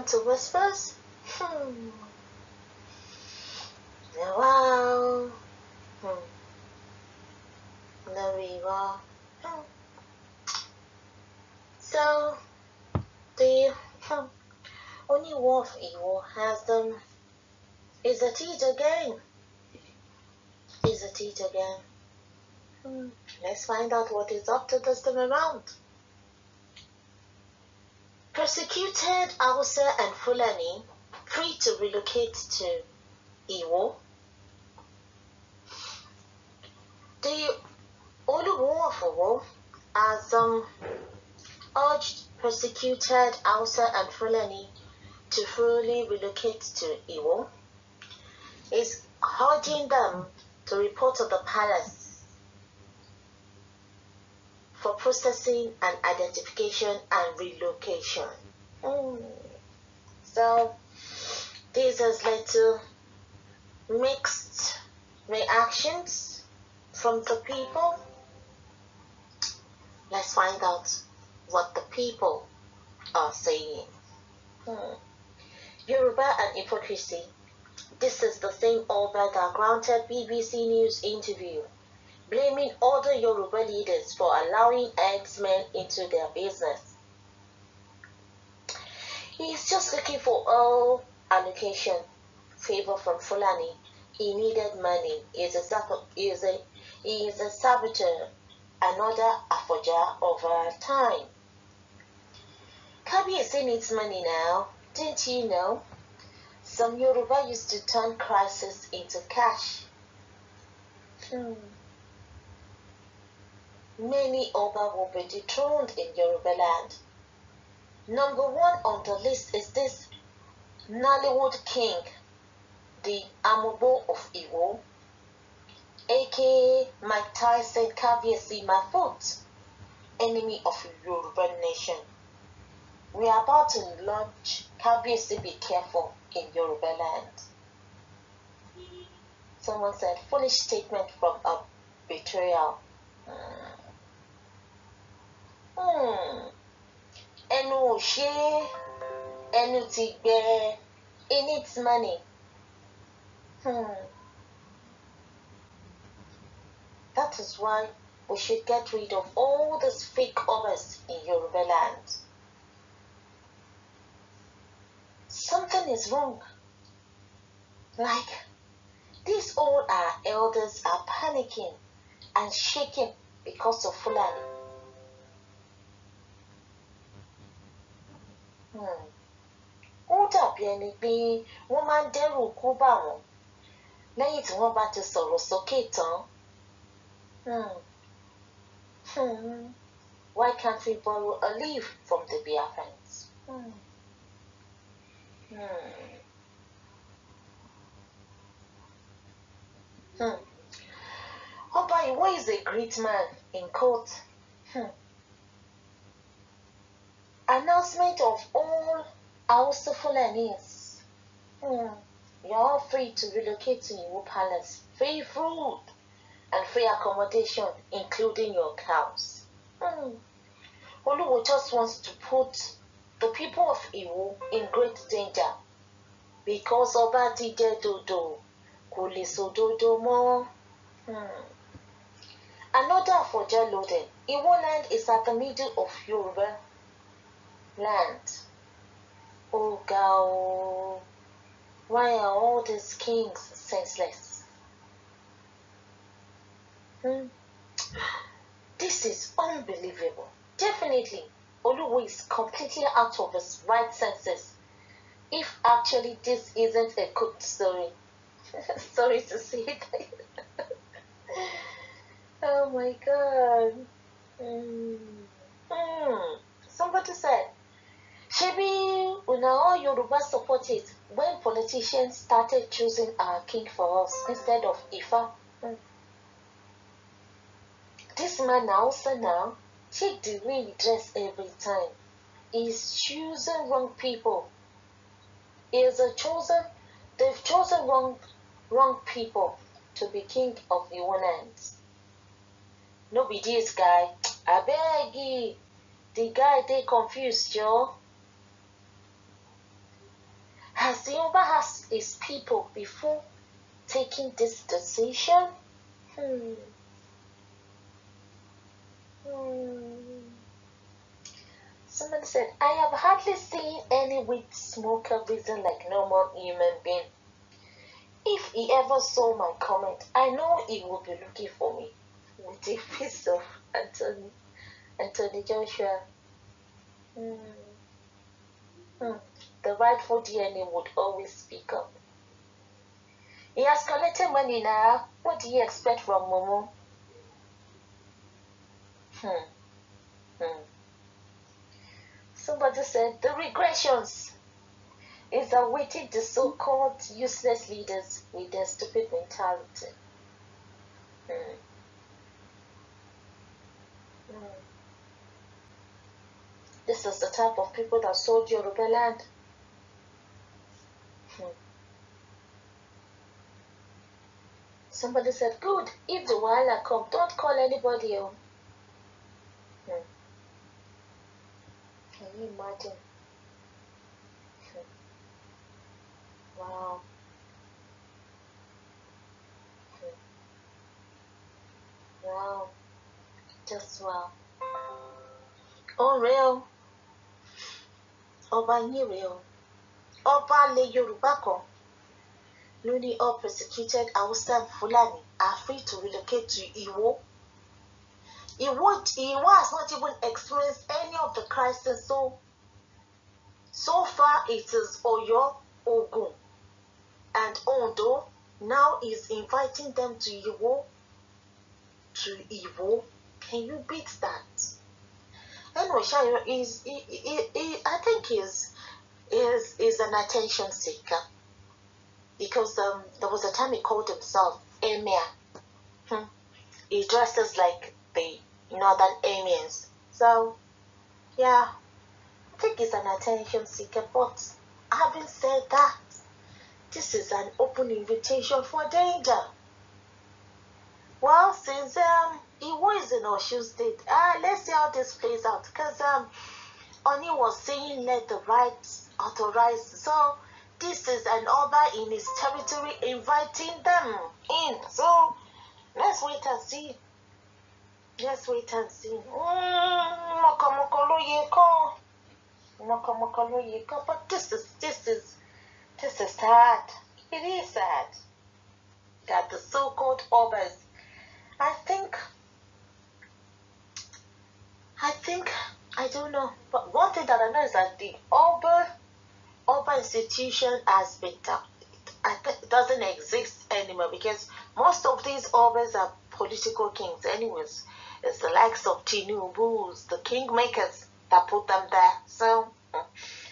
down to whispers? Hmm. Well, hmm. There we go. Hmm. So, the hmm, only wolf evil has them is the teacher game? Is the teacher game? Hmm. Let's find out what is up to this time around. Persecuted Hausa and Fulani, free to relocate to Iwo. The Oluwo of Owo has um, urged persecuted Hausa and Fulani to fully relocate to Iwo. Is urging them to report to the palace for processing and identification and relocation. Mm. So this has led to mixed reactions from the people. Let's find out what the people are saying. Hmm. Yoruba and hypocrisy. This is the same author that granted BBC News interview blaming other Yoruba leaders for allowing X-Men into their business. He is just looking for all allocation, favor from Fulani. He needed money. He is a, a, a saboteur, another Afoja of our time. in needs money now. Didn't you know? Some Yoruba used to turn crisis into cash. Hmm many other will be dethroned in Yoruba land. Number one on the list is this Nollywood King, the Ambo of Iwo, aka Mike Tyson Kaviesi Mafut, enemy of Yoruba nation. We are about to launch Kaviesi Be Careful in Yoruba land. Someone said, foolish statement from a betrayal. Mm. Hmm. ẹnu ò ṣe é ẹnu ti gbẹ it needs money. Hmm. That is why we should get rid of all these fake obas in Yoruba land. Something is wrong. Like, these all our elders are panicking and shaking because of Fulani. ó dàbí ẹni pé wọ́n máa ń dẹ́rù ikú bà wọ́n lẹ́yìn tí wọ́n bá ti sọ̀rọ̀ sókè tán. Hmm, hmm, why can't we borrow a leaf from the Biafrans? Hmm. Hmm. Hmm. Oba Iwo is a great man in court. Hmm announcement of all House Fulanis. Hmm. You're free to relocate to Iwo Palace. Free food and free accommodation, including your cows. Hmm. Oluwo just wants to put the people of Iwo in great danger because Ọba that jẹ́ dodo kò lè sòdodo mọ́. Hmm. Another for Jalode, Iwo land is at the middle of Yoruba land. O Gao, why are all these kings senseless? Hmm. This is unbelievable. Definitely, Oluwo is completely out of his right senses. If actually this isn't a cooked story. Sorry to say it. oh my god. Mm. Mm. Somebody said now all Yoruba support it when politicians started choosing our king for us instead of Ifa. Mm. This man also now, check the way he dress every time. He's choosing wrong people. He is a chosen, they've chosen wrong, wrong people to be king of the Iwanans. No be this guy. I beg you. The guy they confused, Joe. Has the Yoruba asked its people before taking this decision? Hmm. Hmm. said, I have hardly seen any weed smoker reason like normal human being. If he ever saw my comment, I know he would be looking for me with a piece of Anthony, Anthony Joshua. Hmm. Hmm the rightful DNA would always speak up. He has collected money now. What do you expect from Momo? Hmm. Hmm. Somebody said the regressions is awaiting the so-called useless leaders with their stupid mentality. Hmm. Hmm. This is the type of people that sold Yoruba land. Somebody said, good, if the wala come, don't call anybody home. Oh. Hmm. Can you imagine? Hmm. Wow. Hmm. Wow. Just wow. Oh, real. Ọba by real, o. by lè Yorùbá Newly or persecuted Hausa and Fulani are free to relocate to Iwo. Iwo, Iwo has not even experienced any of the crisis, so, so far it is Oyo, Ogun, and Ondo now is inviting them to Iwo. To Iwo, can you beat that? Anyway, Shairo is, he, he, he, I think is is is an attention seeker because um, there was a time he called himself emir. Hmm. He dresses like the northern emirs. So, yeah, I think he's an attention seeker. But having said that, this is an open invitation for danger. Well, since um, he was in Osun State, uh, let's see how this plays out. Because um, Oni was saying let the right authorize. So is and other in his territory, inviting them in. So let's wait and see. Let's wait and see. Mm, but this is this is this is sad. It is sad that the so-called others. I think. I think I don't know, but one thing that I know is that the Auburn open institution has been tapped. It doesn't exist anymore because most of these orbits are political kings anyways. It's the likes of Tinubu's, the kingmakers that put them there. So hmm,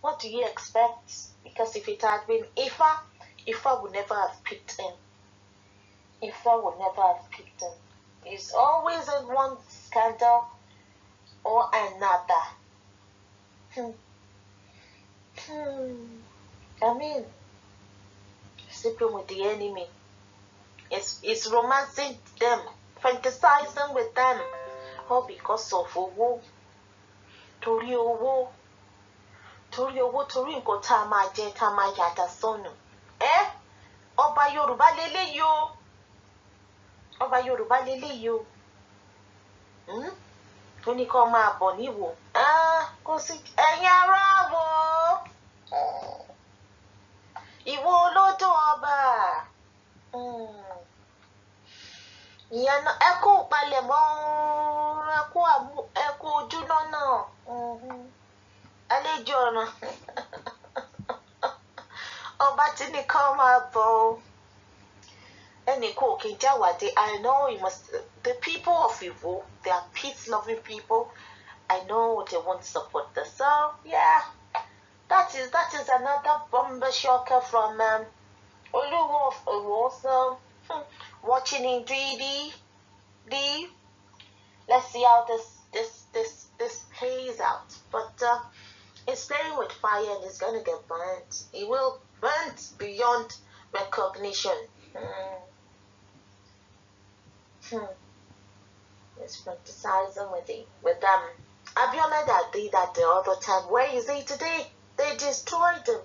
what do you expect? Because if it had been Ifa, Ifa would never have picked him. Ifa would never have picked him. It's always in one scandal or another. Hmm. I mean, sleeping with the enemy. It's, it's romancing them, fantasizing with them, all because of owó. Torí owó. Torí owó, torí nǹkan tá je máa jẹ, tá eh oba yàtà sọnù. Ẹ́ ọba Yorùbá lélẹ́yìí o. Ọba Yorùbá lélẹ́yìí o. Ó ní kó máa bọ̀ níwò. Ah, Ìwọ olódò ọba. Ìyànà ẹ kú ìpalẹ̀mọ́ ẹ kú ẹ kú ojúná náà. Àlejò ọ̀ràn. Ọba tí nìkan máa bọ̀ o. Ẹnìkan ò kì í I know you must the people of Igbo they are peace loving people. I know they want to support the song. Yeah. That is that is another bomber shocker from um, Oluwa hmm. watching in 3D. D. Let's see how this this this this plays out. But uh, it's playing with fire and it's gonna get burnt. It will burnt beyond recognition. Mm. Hmm. Let's practice with it with um Abiola that did that the other time. Where is he today? They destroyed them.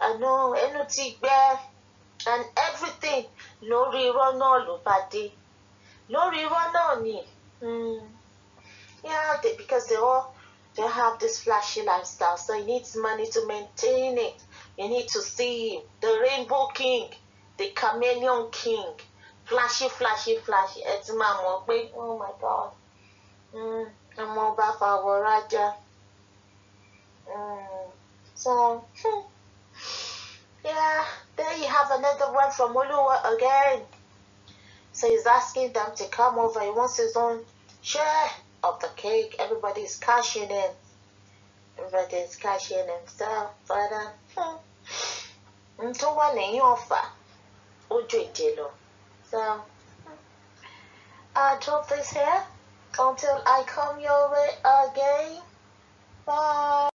I know Enuti and everything. No rerun, no ló bá No Lórí irọ́ náà hmm. Yeah, they, because they all they have this flashy lifestyle, so he needs money to maintain it. You need to see him, the rainbow king, the chameleon king, flashy, flashy, flashy. It's my mom. oh my God, hmm. ọmọ ọba fàwọ̀ rájà. Mm. So, hmm. yeah, there you have another one from Oluwa again. So he's asking them to come over. He wants his own share of the cake. Everybody's cashing in. Everybody's cashing in. So, Father, hmm. So, hmm. I drop this here until I come your way again. Bye.